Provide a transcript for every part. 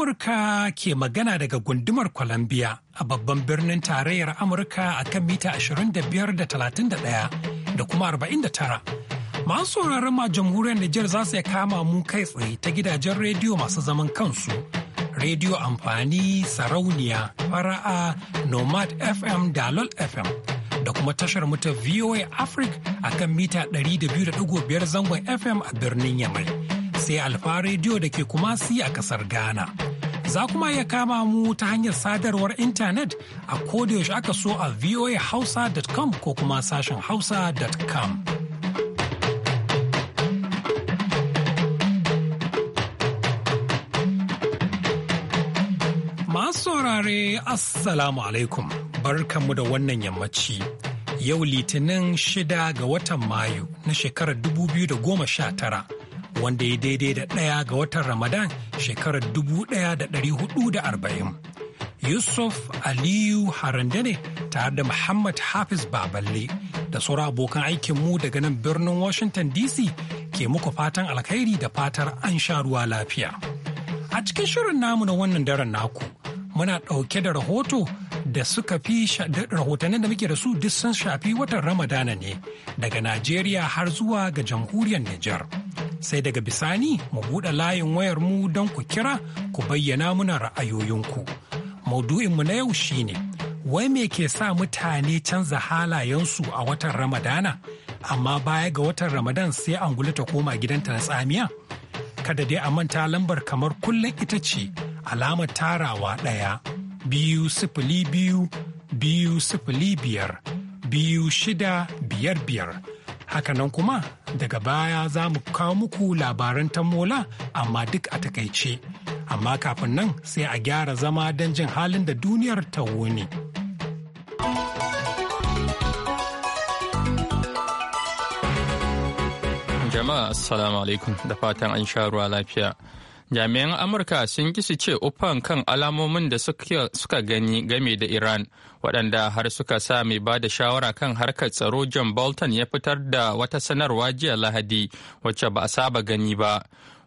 Amurka ke magana daga gundumar Columbia a babban birnin tarayyar Amurka a kan mita 25.31 da kuma 49. Masu sauraron ma jamhuriyar Nijar za su kama mu kai tsaye ta gidajen rediyo masu zaman kansu. Rediyo amfani sarauniya fara'a Nomad FM da Lol FM da kuma tashar mutar VOA Africa a kan mita 200.5 zangon FM a birnin Yamai. sai alfa rediyo da ke kumasi a kasar ghana Za kuma iya kama mu ta hanyar sadarwar intanet a kodayaushe aka so a voahausa.com ko kuma sashen hausa.com. Masu saurare Assalamu alaikum barkanmu da wannan yammaci. Yau litinin shida ga watan Mayu na shekarar 2019 wanda ya daidai da ɗaya ga watan Ramadan shekarar dubu ɗaya da da ɗari arba'in, Yusuf Aliyu ne tare da Muhammad Hafiz Baballe da sauran abokan aikinmu daga nan birnin Washington DC ke muku fatan alkhairi da fatar an sha ruwa lafiya. A cikin shirin namu na wannan daren naku, muna ɗauke da rahoto da suka fi rahotannin da muke da su duk sun shafi watan Ramadana ne daga Najeriya har zuwa ga jamhuriyar Nijar. sai daga bisani mu buɗe layin wayar mu don ku kira ku bayyana muna ra'ayoyinku. Maudu'inmu na yau shine wai me ke sa mutane canza halayensu a watan Ramadana, amma baya ga watan Ramadan sai angulu ta koma gidanta na tsamiya? Kada dai a manta lambar kamar kullum ita ce alamar tarawa ɗaya biyu sifili biyu biyu sifili biyar biyu shida biyar biyar. Hakanan kuma Daga baya za mu kawo muku labaran tamola amma duk a takaice. Amma kafin nan sai a gyara zama don jin halin da duniyar ta wuni. Jama'a Assalamu alaikum da fatan an sha ruwa lafiya. jami'an amurka sun kisi ce ufan kan alamomin da suka gani game da iran waɗanda har suka sa mai ba da shawara kan harkar tsaro john bolton ya fitar da wata sanarwa jiya lahadi wacce ba a saba gani ba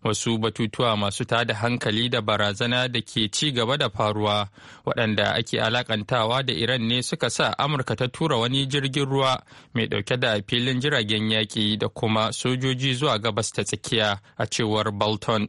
wasu batutuwa masu tada hankali da barazana da ke ci gaba da faruwa waɗanda ake alakantawa da iran ne suka sa amurka ta tura wani jirgin ruwa mai ɗauke da filin jiragen yaƙi da kuma sojoji zuwa gabas ta tsakiya a cewar bolton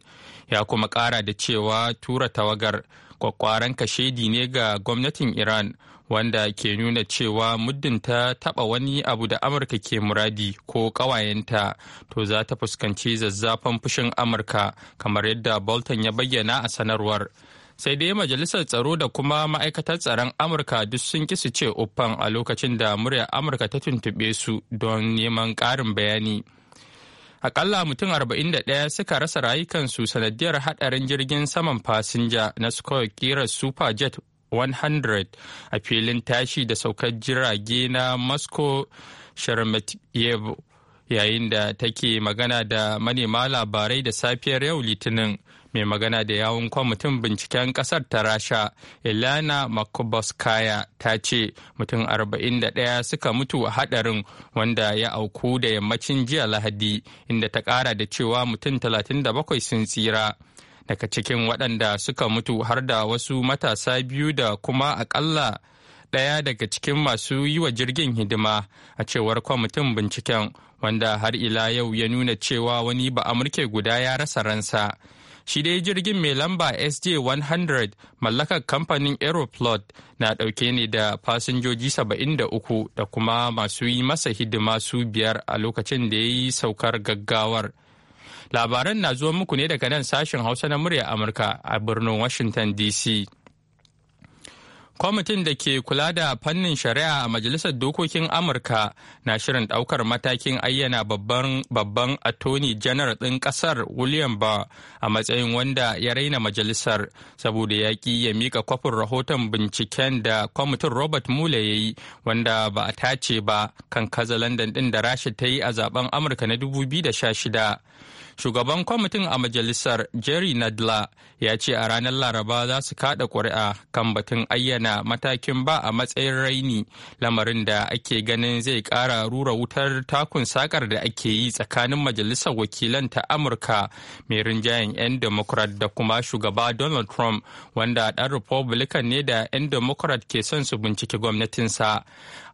ya kuma ƙara da cewa tura tawagar kwakwaran kashedi ne ga gwamnatin iran wanda ke nuna cewa muddin ta taɓa wani abu da amurka ke muradi ko ƙawayenta to za ta fuskanci zazzafan fushin amurka kamar yadda bolton ya bayyana a sanarwar sai dai majalisar tsaro da kuma ma'aikatar tsaron amurka duk sun kisu ce uffan a lokacin da muryar amurka ta tuntuɓe su don neman ƙarin bayani akalla mutum 41 suka rasa rayukansu sanadiyar hadarin jirgin saman fasinja na suka kirar super jet 100 a filin tashi da saukar jirage na moscow sheremetyevo yayin da take magana da manema labarai da safiyar yau litinin mai magana da yawun kwamitin binciken kasar ta rasha ilana makubaskaya ta ce mutum 41 suka mutu a hadarin wanda ya auku da yammacin jiya lahadi inda ta kara da cewa mutum 37 sun tsira. daga cikin waɗanda suka mutu har da wasu matasa biyu da kuma akalla ɗaya daga cikin masu yi wa jirgin hidima a cewar kwamitin binciken wanda har ila yau ya nuna cewa wani ba amurke guda ya rasa ransa shi dai jirgin mai lamba sj 100 mallakar kamfanin aeroplot na ɗauke ne da fasinjoji 73 da kuma masu yi masa hidima su biyar a lokacin da ya yi saukar gaggawar Labaran na zuwa muku ne daga nan sashen Hausa na murya Amurka a birnin Washington DC. Kwamitin da ke kula da fannin shari'a a Majalisar Dokokin Amurka na shirin daukar matakin ayyana babban babban attorney janar ɗin ƙasar William ba a matsayin wanda ya raina majalisar saboda ya ya mika kwafin rahoton binciken da kwamitin Robert Mueller ya yi wanda ba a tace ba kan kazalandan ɗin da Rasha ta yi a zaben Amurka na 2016. Shugaban kwamitin a majalisar Jerry Nadler ya ce a ranar Laraba za su kada ƙuri'a kan batun ayyana matakin ba a matsayin raini lamarin da ake ganin zai kara rura wutar takun sakar da ake yi tsakanin majalisar wakilan ta Amurka mai rinjayen 'yan Democrat da kuma shugaba Donald Trump wanda ɗan Republican ne da 'yan Democrat ke son su binciki gwamnatinsa.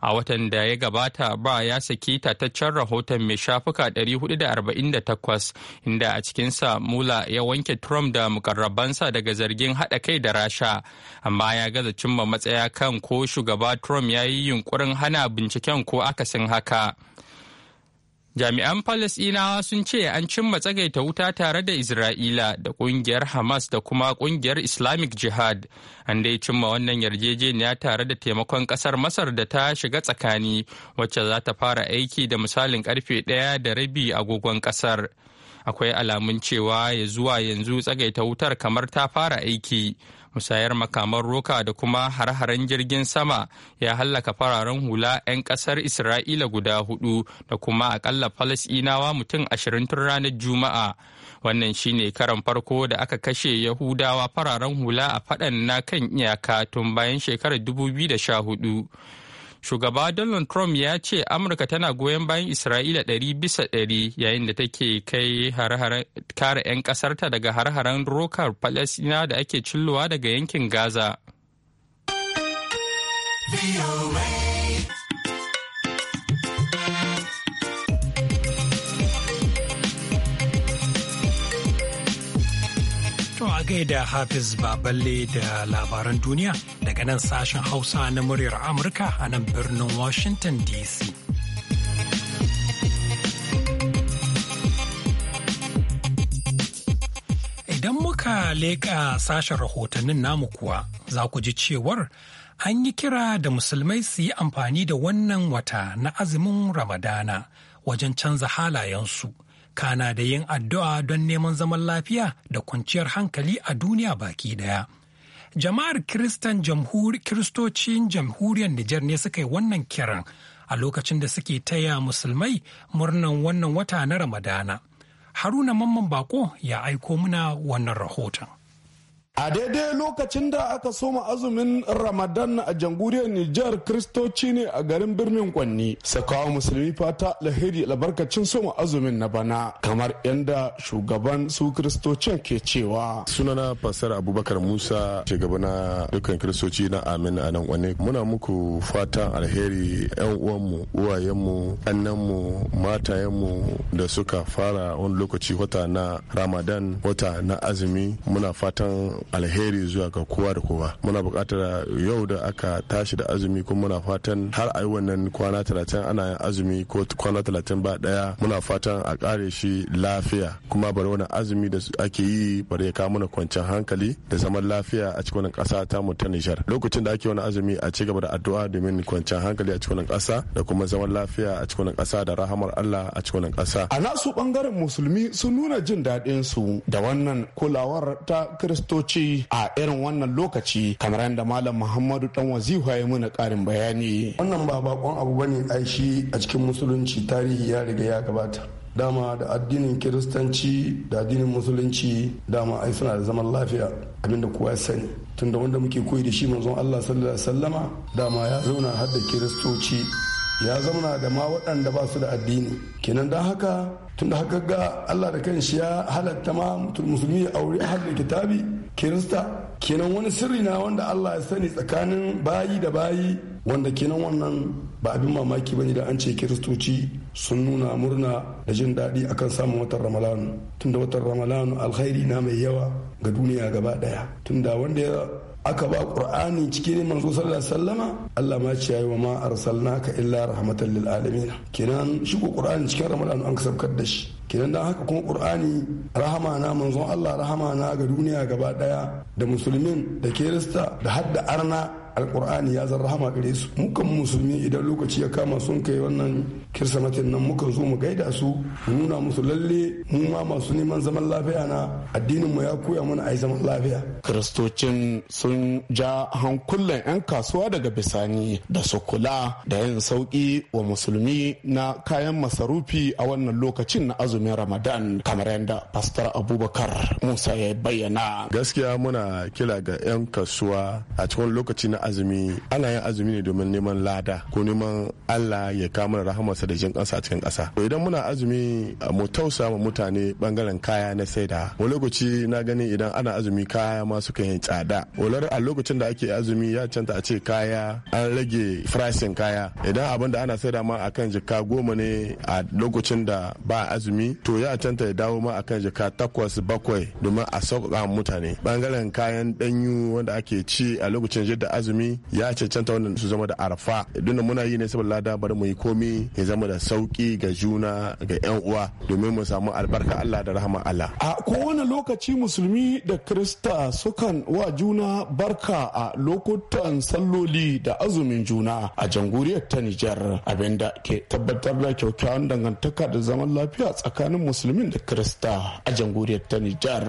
a watan da ya gabata ba ya saki tataccen rahoton mai shafuka 448 inda a cikinsa mula ya wanke trump da mukarrabansa daga zargin haɗa kai da rasha amma ya gaza cimma matsaya kan ko shugaba trump ya yi yunkurin hana binciken ko akasin haka. Jami'an Falasɗinawa sun ce an cimma tsagaita wuta tare da Isra'ila da ƙungiyar Hamas da kuma ƙungiyar Islamic Jihad. An dai cimma wannan yarjejeniya tare da taimakon ƙasar Masar da ta shiga tsakani wacce za ta fara aiki da misalin ƙarfe ɗaya da rabi agogon ƙasar. Akwai alamun cewa ya zuwa yanzu tsagaita wutar kamar ta fara aiki. musayar makaman roka da kuma har-haren jirgin sama ya hallaka fararen hula 'yan kasar isra'ila guda hudu da kuma akalla falasinawa mutum ashirin tun ranar juma'a wannan shine karan farko da aka kashe yahudawa fararen hula a faɗan na kan iyaka tun bayan shekarar 2014 shugaba donald trump ya ce amurka tana goyon bayan isra'ila ɗari bisa ɗari yayin da take kai kare 'yan ƙasarta daga har-haren rokar falasina da ake cillowa daga yankin gaza. a gaida Hafiz Baballe da labaran duniya daga nan sashen Hausa na muryar Amurka a nan birnin Washington DC. Idan muka leƙa sashen rahotannin namu kuwa za ku ji cewar an yi kira da musulmai su yi amfani da wannan wata na azumin Ramadana wajen canza halayensu. kana da yin addu'a don neman zaman lafiya da kwanciyar hankali a duniya baki daya. Jama'ar Kiristan Kiristocin Jamhuriyar Nijar ne suka yi wannan kiran a lokacin da suke taya musulmai murnan wannan wata na Ramadana. Haruna Mamman Bako ya aiko muna wannan rahoton. A daidai lokacin da aka soma azumin Ramadan a jamhuriyar Nijar Kristoci ne a garin birnin Kwanni. Sakawa musulmi fata lahiri albarkacin soma azumin na bana kamar yadda shugaban su Kristocin ke cewa. Sunana Fasar Abubakar Musa shugaba na dukkan Kristoci na Amin a nan Kwanni. Muna muku fatan alheri yan uwanmu, uwayenmu, annanmu, matayenmu da suka fara wani lokaci wata na Ramadan, wata na azumi. Muna fatan alheri zuwa ga kowa da kowa muna buƙatar yau da aka tashi da azumi kuma muna fatan har a yi wannan kwana talatin ana yin azumi ko kwana talatin ba daya muna fatan a ƙare shi lafiya kuma bari wani azumi da ake yi bari ya kawo mana kwanciyar hankali da zaman lafiya a cikin wannan ƙasa ta mu ta Nijar lokacin da ake wani azumi a ci gaba da addu'a domin kwanciyar hankali a cikin wannan ƙasa da kuma zaman lafiya a cikin wannan ƙasa da rahamar Allah a cikin wannan ƙasa a nasu bangaren musulmi sun nuna jin daɗin su da wannan kulawar ta kiristoci hukunci a irin wannan lokaci kamar yadda malam muhammadu dan wazihu ya muna karin bayani wannan ba bakon abu bane aishi a cikin musulunci tarihi ya riga ya gabata dama da addinin kiristanci da addinin musulunci dama ai suna da zaman lafiya abinda kowa sani tunda wanda muke koyi da shi manzon Allah sallallahu alaihi wasallama dama ya zauna har da kiristoci ya zauna da ma waɗanda ba su da addini kenan don haka tunda haka ga Allah da kanshi ya halatta ma musulmi aure har da kitabi kirista kenan wani sirri na wanda allah ya sani tsakanin bayi da bayi wanda kenan wannan ba abin mamaki bane da an ce kiristoci sun nuna murna da jin daɗi akan samun watan ramalanu tunda watan ramalanu alkhairi na mai yawa ga duniya gaba ɗaya tunda wanda ya aka ba qur'ani cikin manzo sallallahu alaihi wasallama Allah ma ce yayi wa ma arsalnaka illa rahmatan lil alamin Kinan shi ko qur'ani cikin ramadan an kasabkar da shi kinan dan haka kuma qur'ani rahama na manzon Allah rahama na ga duniya gaba daya da musulmin da kirista da hadda arna alkur'ani ya zan rahama gare su mukan musulmi idan lokaci ya kama sun kai wannan kirsamatin nan mukan zo mu gaida su mu nuna musu lalle mu ma masu neman zaman lafiya na addinin mu ya koya mana ai zaman lafiya kiristocin sun ja hankulan yan kasuwa daga bisani da su kula da yin sauki wa musulmi na kayan masarufi a wannan lokacin na azumin ramadan kamar yadda pastor abubakar musa ya bayyana gaskiya muna kira ga yan kasuwa a cikin lokaci azumi ana yin azumi ne domin neman lada ko neman Allah ya kama rahamarsa da jin kansa a cikin kasa to idan muna azumi mu tausa ma mutane bangaren kaya na saida wa lokaci na gani idan ana azumi kaya ma suka yi tsada walar a lokacin da ake azumi ya canta a ce kaya an rage farashin kaya idan abin da ana saida ma akan jika goma ne a lokacin da ba azumi to ya canta ya dawo ma akan jika takwas bakwai domin a sauƙaƙa mutane bangaren kayan danyu wanda ake ci a lokacin jidda azumi azumi ya cancanta wannan su zama da arafa duk da muna yi ne saboda lada bari mu yi komi ya zama da sauki ga juna ga yan uwa domin mu samu albarka Allah da rahama Allah a kowane lokaci musulmi da krista sukan wa juna barka a lokutan salloli da azumin juna a jamhuriyar ta Nijar abinda ke tabbatar da kyakkyawan dangantaka da zaman lafiya tsakanin musulmin da krista a jamhuriyar ta Nijar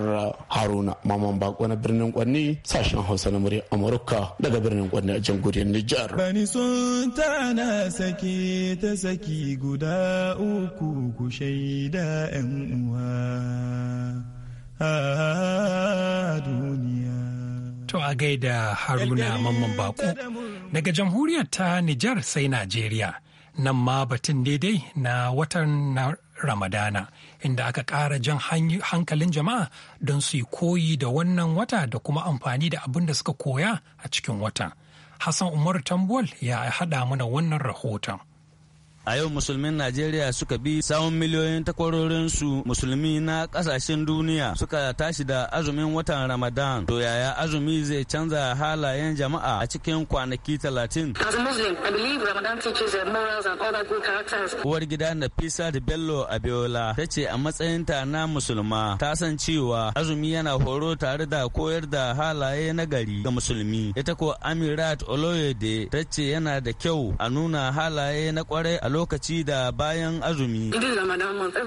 Haruna Maman Bako na birnin Kwanni sashen Hausa na murya Amurka daga birnin gwanda a Nijar. Bani sun tana sake ta saki guda uku ku shaida 'yan uwa a duniya. To a gaida Haruna Mamman Baku, daga jamhuriyar ta Nijar sai Najeriya. nan ma batun daidai na watan na ramadana inda aka ƙara jan hankalin jama'a don su yi koyi da wannan wata da kuma amfani da abin da suka koya a cikin wata hassan Umaru tambuwal ya haɗa mana wannan rahoton a yau musulmin najeriya suka bi sawun miliyoyin takwarorin su musulmi na kasashen duniya suka tashi da azumin watan ramadan to yaya azumi zai canza halayen jama'a a cikin kwanaki talatin uwar gida pisa da bello abiola ta ce a matsayinta na musulma ta san cewa azumi yana horo tare da koyar da halaye na gari ga musulmi ita ko amirat oloyede ta ce yana da kyau a nuna halaye na kwarai lokaci da bayan azumi. Ramadan month.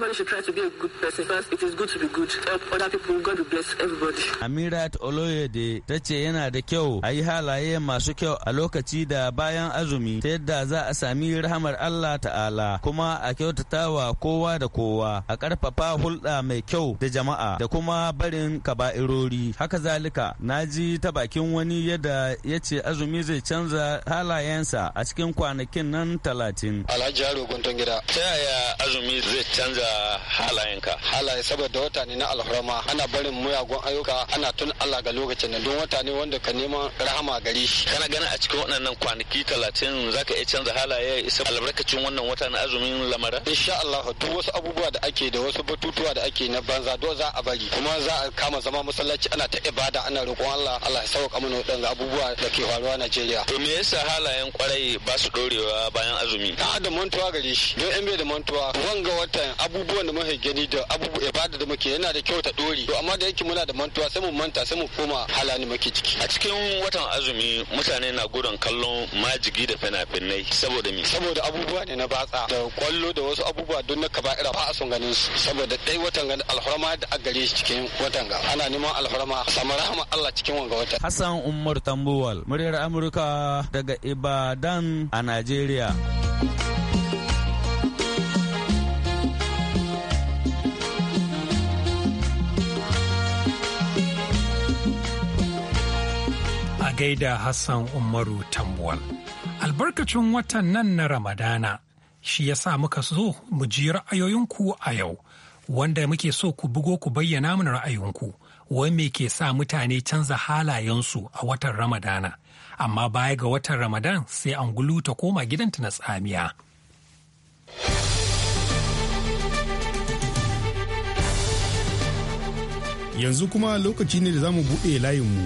Amirat Oloyede ta ce yana da kyau a yi halaye masu kyau a lokaci da bayan azumi ta yadda za a sami rahamar Allah ta'ala kuma a kyautata wa kowa da kowa a ƙarfafa hulɗa mai kyau da jama'a da kuma barin kaba'irori. Haka zalika na ji ta bakin wani yadda ya ce azumi zai canza halayensa a cikin kwanakin nan talatin. jaro guntun gida ta yaya azumi zai canza halayenka halaye saboda wata ne na alhurma ana barin muyagun ayyuka ana tun Allah ga lokacin da don wata ne wanda ka neman rahama gari shi kana gana a cikin waɗannan kwanaki talatin zaka iya canza halaye isa albarkacin wannan wata na azumin lamara insha Allah duk wasu abubuwa da ake da wasu batutuwa da ake na banza do za a bari kuma za a kama zama masallaci ana ta ibada ana roƙon Allah Allah ya sauka mana waɗannan abubuwa da ke faruwa Najeriya to me yasa halayen kwarai ba su dorewa bayan azumi ta adam mantuwa gare shi don in bai da mantuwa wan ga watan abubuwan da muke gani da abubu ibada da muke yana da kyau ta dore to amma da yake muna da mantuwa sai mu manta sai mu koma halani muke ciki a cikin watan azumi mutane na gudan kallon majigi da fina-finai saboda me saboda abubuwa ne na batsa da kwallo da wasu abubuwa don na kaba'ira ba a son ganin su saboda dai watan ganin alhurma da a gare shi cikin watan ga ana neman alhurma sama rahama Allah cikin wanga watan Hassan Umar Tambuwal muryar Amurka daga Ibadan a Najeriya. thank you gaida Hassan Umaru Tambuwal. Albarkacin watan nan na Ramadana shi ya sa muka so mu ji ra'ayoyinku a yau, wanda muke so ku bugo ku bayyana mana ra'ayinku, wai me ke sa mutane canza halayensu a watan Ramadana, amma baya ga watan Ramadan sai an ta koma gidanta na tsamiya. Yanzu kuma lokaci ne da za mu buɗe layinmu.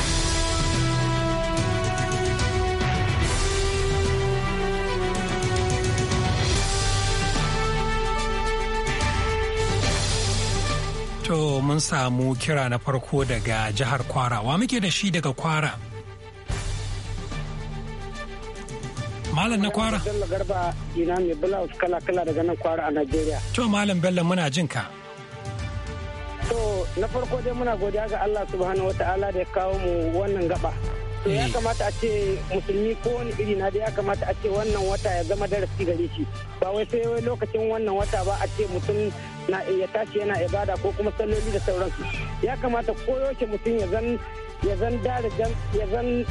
To mun samu kira na farko daga jihar Kwara. Wa muke da shi daga Kwara? Malam na Kwara? Bello Garba ina mai blouse kala-kala daga nan Kwara a Najeriya. To Malam Bello muna jin ka. To na farko dai muna godiya ga Allah subhanahu wa ta'ala da ya kawo mu wannan gaba. To ya eh. kamata a ce musulmi ko wani iri na da ya kamata a ce wannan wata ya zama darasi gare shi. Ba wai sai lokacin wannan wata ba a ce mutum na iya tashi yana ibada ko kuma salloli da sauransu ya kamata koyaushe mutum ya zan ya zan darajan ya zan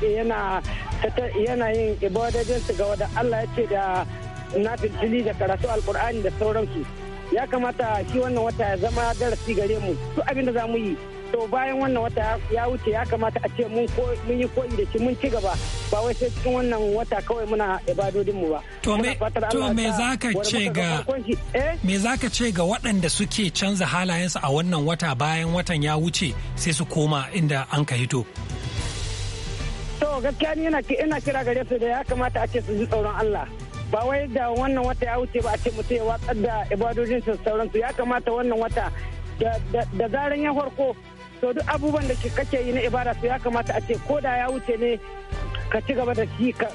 yana yana yin ibadojinsu ga wanda Allah ya ce da na fitili da karatu alkur'ani da sauransu ya kamata shi wannan wata ya zama darasi gare mu duk abin da za mu yi to bayan wannan wata ya wuce ya kamata a ce mun yi koyi da shi mun ci gaba ba wai sai cikin wannan wata kawai muna ibadodin mu ba to me to me zaka ce ga eh? me zaka ce ga waɗanda suke canza halayensu a wannan wata bayan watan ya wuce sai su koma inda an ka hito to gaskiya ni ina kira gare su da ya kamata a ce su ji tsoron Allah ba wai da wannan wata ya wuce ba a ce mutum ya watsar da ibadojin sauransu ya kamata wannan wata da zaran ya farko to duk abubuwan da kake yi na ibada su ya kamata a ce ko da ya wuce ne ka ci gaba da shi ka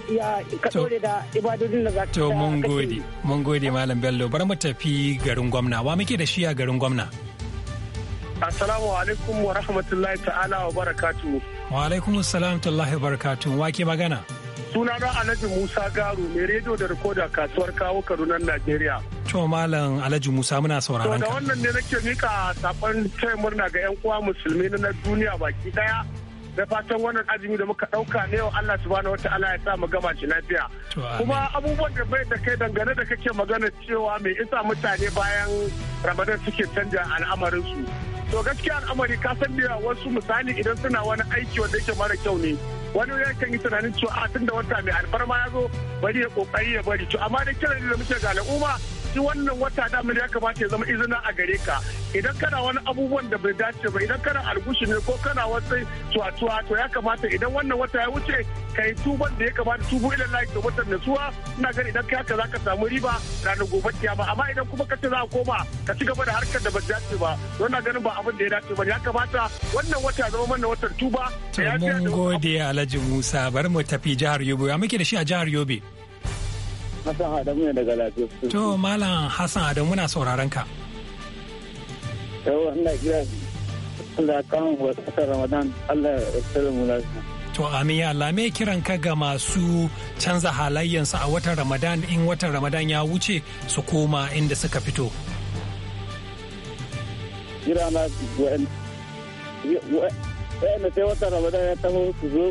dore da ibadodin da za ka to mun gode mun gode malam bello bar mu tafi garin gwamna wa muke da shi a garin gwamna assalamu alaikum wa rahmatullahi ta'ala wa barakatu. wa alaikum assalam wa barakatu wa ke magana da alhaji musa garu mai rediyo da rikoda kasuwar kawo Kaduna najeriya cewa Malam Alhaji Musa muna sauraron ka. To da wannan ne nake mika sakon kai murna ga 'yan uwa musulmi na duniya baki daya. Da fatan wannan azumi da muka dauka ne yau Allah subhanahu wataala ya sa mu gama shi lafiya. Kuma abubuwan da bai da kai dangane da kake magana cewa mai isa mutane bayan Ramadan suke canja al'amarin su. To gaskiya al'amari ka san da wasu misali idan suna wani aiki wanda yake mara kyau ne. wani ya kan yi tunanin cewa tun da wata mai alfarma ya zo bari ya kokari ya bari to amma da kiran da muke ga al'umma shi wannan wata damar ya kamata ya zama izina a gare ka idan kana wani abubuwan da bai dace ba idan kana algushi ne ko kana wasu tuwa-tuwa to ya kamata idan wannan wata ya wuce ka yi tuban da ya kamata tubu ilan layi da watan nasuwa ina gani idan kai haka za ka samu riba ranar gobe ba amma idan kuma ka ce za ka koma ka ci gaba da harkar da bai dace ba don na ganin ba abin da ya dace ba ya kamata wannan wata ya zama mana watan tuba. to mun gode alhaji musa bari mu tafi jihar yobe ya muke da shi a jihar yobe. Hassan Adamu ne daga Lafiya. To Malam Hassan Adamu na sauraron ka. Yau ina kira Allah kan wata Ramadan Allah ya tsere mu lafiya. To amin ya Allah me kiran ka ga masu canza halayyansu a watan Ramadan in watan Ramadan ya wuce su koma inda suka fito. Kira na da sai watan Ramadan ya taho su zo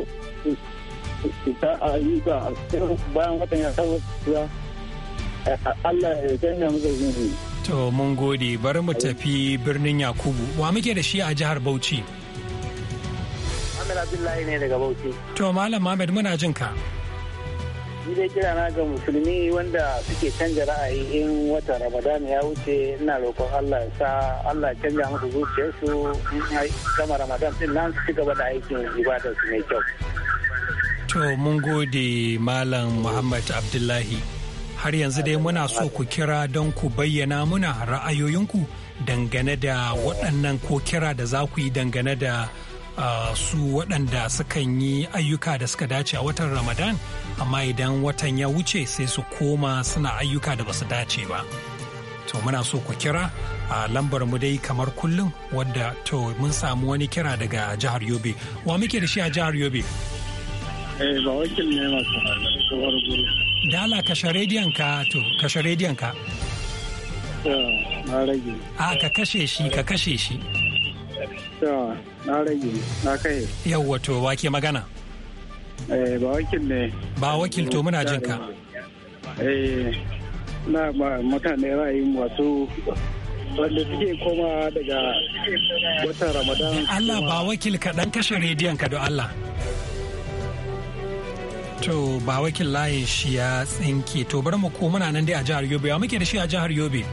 ta ayyuka bayan watan ya kawo Allah ya canja masa To mun gode bari tafi birnin Yakubu. Wa muke da shi a jihar Bauchi? Ahmed Abdullahi ne daga Bauchi. To Malam Ahmed muna jin ka. Ni dai kira na ga musulmi wanda suke canja ra'ayi in wata Ramadan ya wuce ina roƙon Allah ya sa Allah ya canja musu zuciyarsu in gama Ramadan din nan su ci gaba da aikin ibada su mai kyau. To mun gode Malam Muhammad Abdullahi. Har yanzu dai muna so ku kira don ku bayyana muna ra'ayoyinku dangane da waɗannan ko kira da za ku yi dangane da su waɗanda sukan yi ayyuka da suka dace a watan Ramadan, amma idan watan ya wuce sai su koma suna ayyuka da basu dace ba. To muna so ku kira a lambar mu dai kamar kullum wadda to mun samu wani kira daga jihar Yobe. Wa muke da shi a jihar Yobe? da ba kashe rediyon ka to kashe rediyon ka. Na rage. A ka kashe shi ka kashe shi. Na rage na kai. Yawwa to wake magana. Eh ba wakil ne. Ba wakil to muna jin ka. Eh na mutane ra'ayin wasu wanda suke koma daga watan Ramadan. Allah ba wakil ka dan kashe rediyon ka don Allah. To ba wakil layin shi ya tsinke to bari mu ko muna nan dai a jihar Yobe wa muke da shi a jihar Yobe.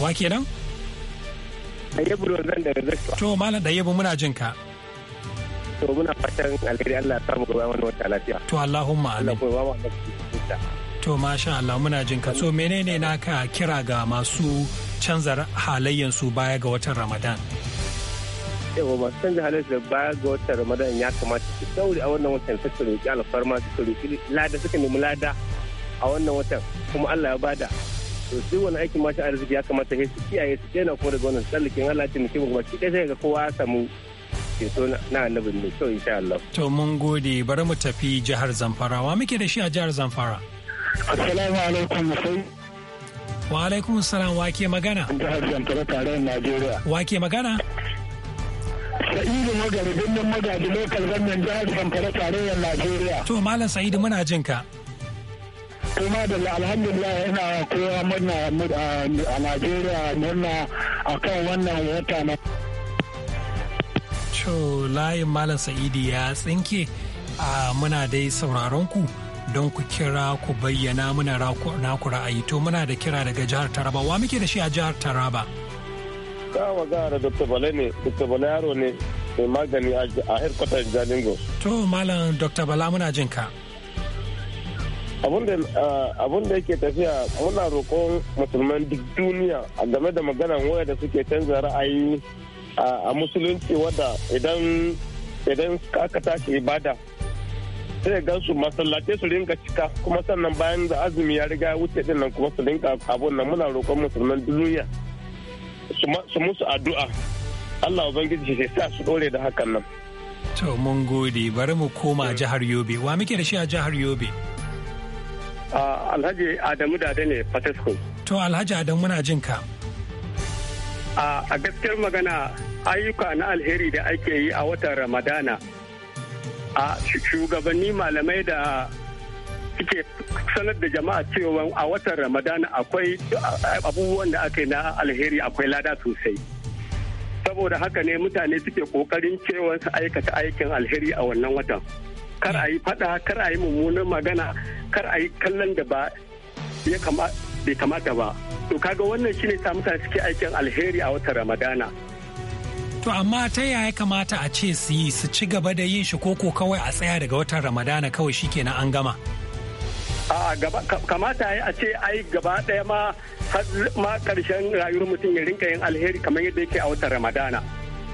Wa ke nan? zan daga To malam da Ayyabu muna jin ka. To muna fatan alheri Allah ya samu gaba wani wata lafiya. To Allahumma amin. To masha Allah muna jin ka so menene naka kira ga masu canza halayyansu baya ga watan Ramadan. yawa ba canza halin da baya ga watan ramadan ya kamata su sauri a wannan watan suka roƙi alfarma suka roƙi lada suka nemi lada a wannan watan kuma allah ya bada to sai wani aikin mata arziki ya kamata ya su kiyaye su daina kuma daga wannan tsallakin allah ta mutum kuma shi ɗaya ga kowa ya samu ceto na annabin mai kyau insha allah. to mun gode bari mu tafi jihar zamfara wa muke da shi a jihar zamfara. assalamu alaikum sai. wa alaikum salam wa ke magana. jihar zamfara tarayyar najeriya. wa ke magana. sa'idu magaribin birnin magaji lokal gannan jihar zamfara tarayyar najeriya to malam sa'idu muna jin ka kuma da alhamdulillah yana kowa muna a najeriya murna akan wannan wata na to layin malam sa'idi ya tsinke a muna dai sauraron ku don ku kira ku bayyana muna naku ra'ayi to muna da kira daga jihar taraba wa muke da shi a jihar taraba Ka magana da Dr. ne, Dr. Bala yaro ne mai magani a headquarter Jalingo. To Malam Dr. Bala muna jin ka. abun da yake tafiya muna roƙon musulman duk duniya game da maganan waya da suke canza ra'ayi a musulunci wadda idan idan aka tashi ibada sai gan su masallace su rinka cika kuma sannan bayan da azumi ya riga ya wuce din kuma su rinka abun nan muna roƙon musulman duniya su musu addu'a Allah Ubangiji shi sa su dore da hakan nan. To mun gode bari mu koma jihar Yobe wa muke da shi a jihar Yobe? Alhaji Adamu Dade ne Patesco. To Alhaji Adamu muna jin ka. A gaskiyar magana ayyuka na alheri da ake yi a watan Ramadana. A shugabanni malamai da suke sanar da jama'a cewa a watan ramadana akwai abubuwan da aka yi na alheri akwai lada sosai saboda haka ne mutane suke kokarin cewa su aikata aikin alheri a wannan watan kar a yi fada kar a yi mummunan magana kar a yi kallon da ba ya kamata ba to kaga wannan shine sa mutane suke aikin alheri a watan ramadana To amma ta yaya kamata a ce su yi su ci gaba da yin shi koko kawai a tsaya daga watan Ramadana kawai shi kenan an gama. a gaba kamata a ce ai gaba daya ma har ma karshen rayuwar mutum ya rinka yin alheri kamar yadda yake a watan ramadana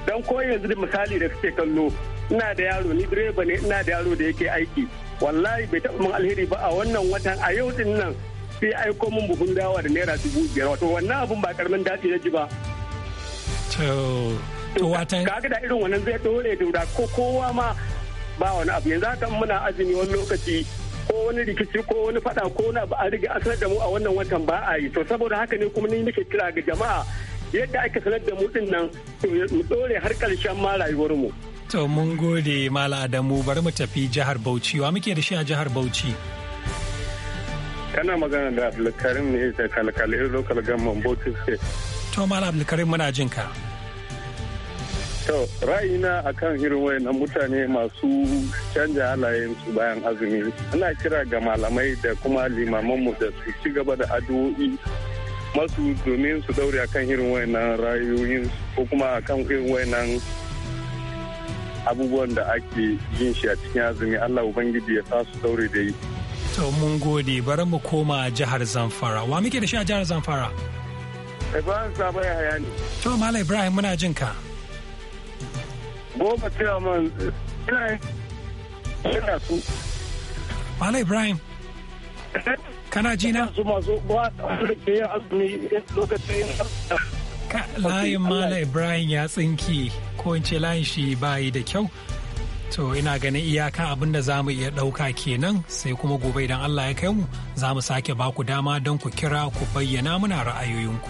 don ko yanzu da misali da suke kallo ina da yaro ni direba ne ina da yaro da yake aiki wallahi bai taɓa mun alheri ba a wannan watan a yau din nan sai aiko min buhun dawa da naira dubu biyar wato wannan abun ba karamin dace na ji ba. to watan ga da irin wannan zai dore da ko kowa ma ba wani abu yanzu haka muna azumi wani lokaci ko wani rikici ko wani fada ko wani abu a riga a sanar da mu a wannan watan ba a yi to saboda haka ne kuma ni nake kira ga jama'a yadda ake sanar da mu din nan mu dore har karshen ma rayuwar mu to mun gode mala adamu bari mu tafi jihar Bauchi wa muke da shi a jihar Bauchi kana magana da Abdulkarim ne da kalkalin eh, local government Bauchi state to mala Abdulkarim muna jin ka To, ra'ayina a kan irin wayannan mutane masu canja halayensu bayan azumi. Ana kira ga malamai da kuma limamanmu da su ci gaba da addu'o'i masu domin su daure a kan irin wayannan rayoyin ko kuma a kan irin wayannan abubuwan da ake yin shi a cikin azumi. Allah Ubangiji ya sa su daure da yi. To, mun gode, bari mu koma jihar Zamfara. Wa muke da shi a jihar Zamfara? Ibrahim Sabo Yahaya ne. To, Malam Ibrahim muna jin ka. cewa man ina Ibrahim. Kana ji na? Su masu ba Layin Mala Ibrahim ya tsinki ko in ce layin shi bayi da kyau. To ina ganin iyaka abin da za mu iya ɗauka kenan sai kuma gobe idan Allah ya kai mu za mu sake baku dama don ku kira ku bayyana muna ra'ayoyinku.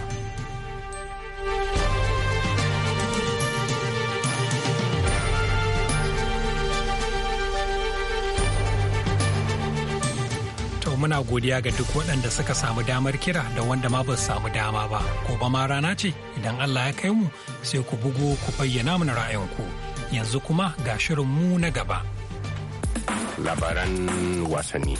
muna godiya ga duk waɗanda suka samu damar kira da wanda ma ba samu dama ba ko ba ma rana ce idan Allah ya kai mu sai ku bugu ku bayyana mana ra'ayinku yanzu kuma ga shirin mu na gaba labaran wasanni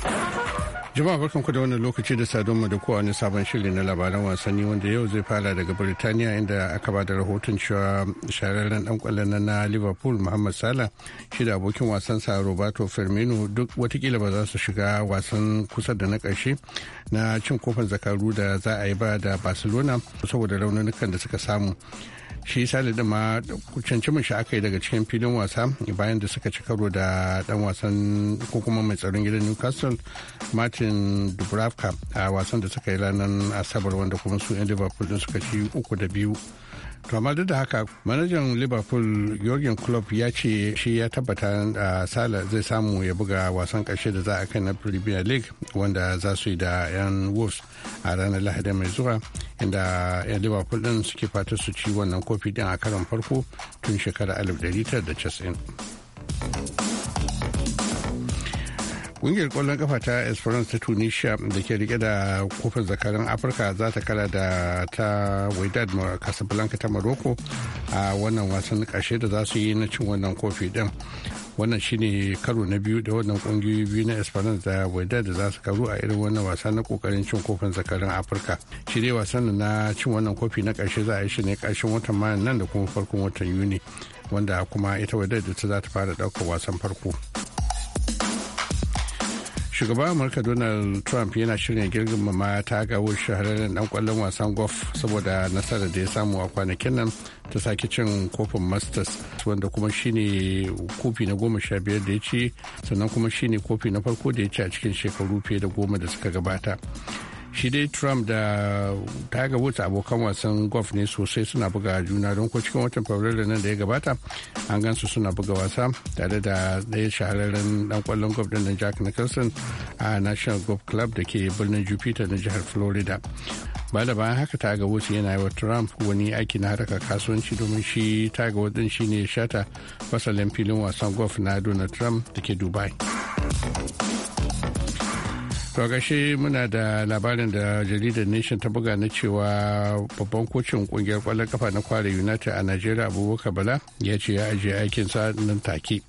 Jama'a barkanku da wannan lokaci da mu da kowa kowane sabon shiri na labaran wasanni wanda yau zai fara daga Birtaniya inda aka ba da rahoton cewa shahararren dan kwallon na Liverpool Muhammad Salah shi da abokin wasan sa Roberto Firmino duk watakila ba za su shiga wasan kusa da na karshe na cin kofin zakaru da za a yi ba da Barcelona saboda raunukan da suka samu. shi sale da ma cancimin shi aka yi daga cikin filin wasa bayan da suka ci karo da dan wasan ko kuma mai tsaron gidan newcastle martin dubravka a wasan da suka yi ranar asabar wanda kuma su yan liverpool din suka ci uku da biyu to amma duk da haka manajan liverpool jorgen klopp ya ce shi ya tabbata a sala zai samu ya buga wasan karshe da za a kai na premier league wanda za su yi da 'yan wolves a ranar lahadi mai zuwa inda 'yan liverpool din suke fata su ci wannan kofi din a karon farko tun shekarar 1990 ƙungiyar kwallon kafa ta esperance ta tunisia da ke rike da kofar zakaran afirka za ta kara da ta waidad casablanca ta morocco a wannan wasan karshe da za su yi na cin wannan kofi din wannan shine karo na biyu da wannan kungiyoyi biyu na esperance da wadda da za su karu a irin wannan wasa na kokarin cin kofin zakarin afirka shi dai wasan na cin wannan kofi na karshe za a yi shi ne karshen watan mayan nan da kuma farkon watan yuni wanda kuma ita wadda da ta za ta fara daukar wasan farko. shugaban amurka donald trump yana shirin girgin ta gawo shahararren dan kwallon wasan golf saboda nasarar da ya samu a kwanakin nan ta sake cin kofin masters wanda kuma shine kofi na goma sha biyar da ya ci sannan kuma shine kofi na farko da ya ci a cikin shekaru fiye da goma da suka gabata shi dai trump da ta ga abokan wasan golf ne sosai suna buga juna don ko cikin watan fabrairu nan da ya gabata an gansu suna buga wasa tare da ɗaya shahararren dan kwallon golf din jack nicholson a national golf club da ke birnin jupiter na jihar florida ba da bayan haka ta ga yana yana wa trump wani aiki na harkar kasuwanci domin shi ta ga din shi ne shata fasalin filin wasan golf na donald trump da ke dubai to gashi muna da labarin da jaridar nation ta buga na cewa babban kocin kungiyar kwallon kafa na kwara united a najeriya abubakar bala ya ce ya ajiye aikin sa nan take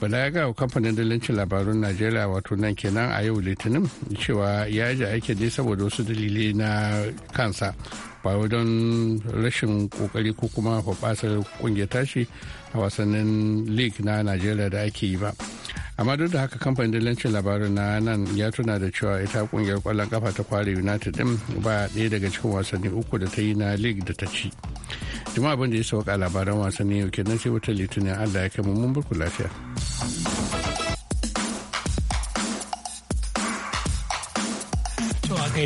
bala ya ga kamfanin dalilin labarun nigeria wato nan kenan a yau litinin cewa ya ajiye aikin ne saboda wasu dalilai na kansa ba don rashin kokari ko kuma hoɓasar kungiyar tashi a wasannin league na nigeria da ake yi ba amma duk da haka kamfanin dalancin labarin na nan ya tuna da cewa ita kungiyar kwallon kafa ta kware united din ba ɗaya daga cikin wasanni uku da ta yi na league da ta ci jama'a abin da ya sauka labaran wasanni yau kenan sai wata litinin allah ya kai mu mun burku lafiya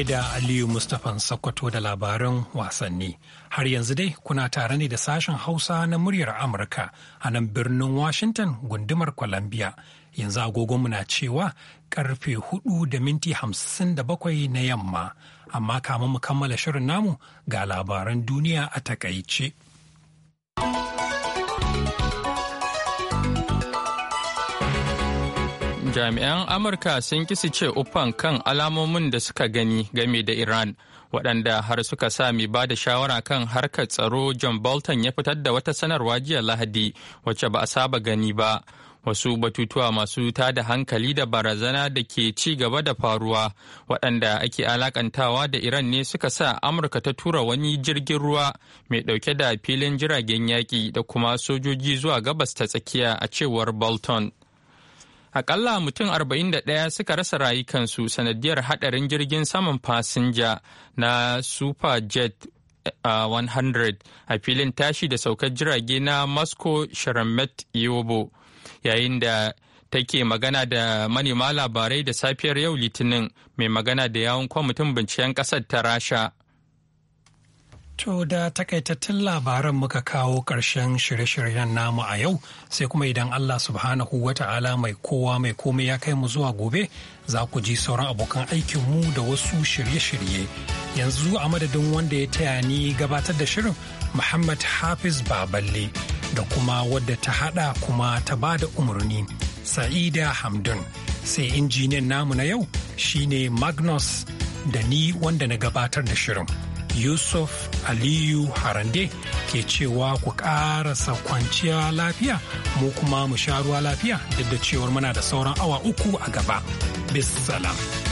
da Aliyu Mustapha Sokoto da labarin wasanni. Har yanzu dai kuna tare ne da sashen Hausa na muryar Amurka a nan birnin Washington gundumar Columbia. yanzu agogonmu na cewa karfe hudu da minti hamsin da bakwai na yamma amma kama mu kammala shirin namu ga labaran duniya a takaice. jami'an amurka sun kisi ce ufan kan alamomin da suka gani game da iran waɗanda har suka sa mai ba da shawara kan harkar tsaro john bolton ya fitar da wata sanarwa jiya lahadi wacce ba a saba gani ba wasu batutuwa masu tada hankali da barazana da ke ci gaba da faruwa waɗanda ake alakantawa da iran ne suka sa amurka ta tura wani jirgin ruwa mai ɗauke da filin jiragen yaƙi da kuma sojoji zuwa gabas ta tsakiya a cewar bolton akalla mutum 41 suka rasa rayukansu sanadiyar hadarin jirgin saman fasinja na superjet uh, 100 a filin tashi da saukar jirage na moscow sharamet yobo yayin da take magana da manema labarai da safiyar yau litinin mai magana da yawon kwamitin binciken kasar ta rasha To da takaitattun labaran muka kawo ƙarshen shirye-shiryen namu a yau sai kuma idan Allah subhanahu wa ta'ala mai kowa mai komai ya kai mu zuwa gobe za ku ji sauran abokan aikinmu da wasu shirye-shirye. Yanzu a madadin wanda ya taya ni gabatar da shirin Muhammad Hafiz Baballe da kuma wadda ta hada kuma ta ba da umarni Sa'ida Hamdun. Sai injiniyan namu na yau shine Magnus da ni wanda na gabatar da shirin. Yusuf Aliyu Harande ke cewa ku ƙarasa kwanciya lafiya mu kuma mu sha ruwa lafiya duk da cewar muna da sauran awa uku a gaba. Bis salam.